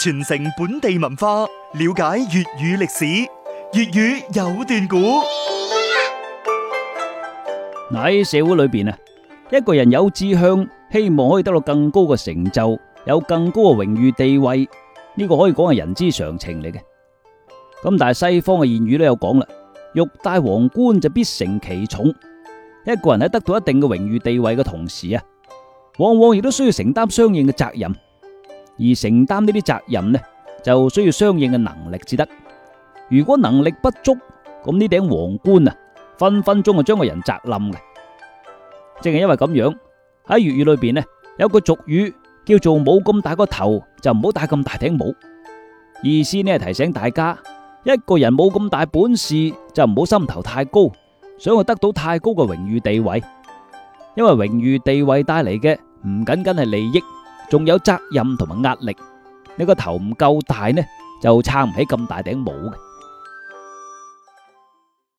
傳承本地文化，了解粵語歷史，粵語有段古。喺 社會裏邊啊，一個人有志向，希望可以得到更高嘅成就，有更高嘅榮譽地位，呢個可以講係人之常情嚟嘅。咁但係西方嘅諺語都有講啦，欲戴皇冠就必承其重。一個人喺得到一定嘅榮譽地位嘅同時啊，往往亦都需要承擔相應嘅責任。而承擔呢啲責任呢，就需要相應嘅能力至得。如果能力不足，咁呢頂皇冠啊，分分鐘就將個人砸冧嘅。正係因為咁樣，喺粵語裏邊呢，有個俗語叫做冇咁大個頭，就唔好戴咁大頂帽。意思呢係提醒大家，一個人冇咁大本事，就唔好心頭太高，想去得到太高嘅榮譽地位。因為榮譽地位帶嚟嘅唔僅僅係利益，仲有責任同埋壓力，你個頭唔夠大呢，就撐唔起咁大頂帽嘅。